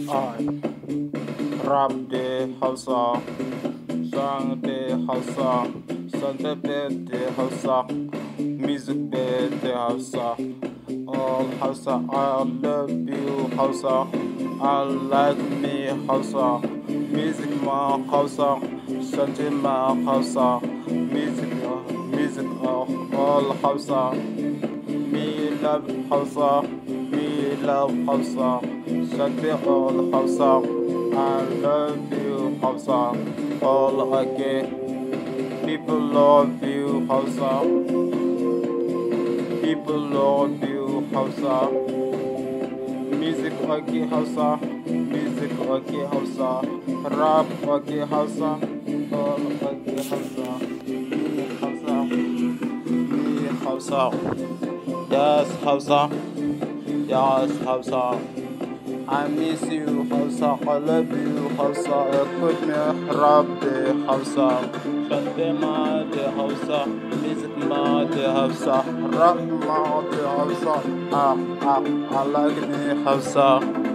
I rap the house, song the Hausa, Sunday bed the house, music bed the house, All house I love you house, I like me house, music my house, Sunday my house, music, music all house, Me love house love Hausa, Shakti all Hausa, I love you Hausa, all again. People love you Hausa, people love you Hausa. Music okay Hausa, music okay Hausa, rap okay Hausa, all okay Hausa. Me Hausa, me Hausa, yes Hausa. يا حفصة I miss you حفصة I love you حوصة اكتبني ربي حوصة شد حفصة حوصة ما دي حفصة رب ما دي حفصة اه اه علاقني حفصة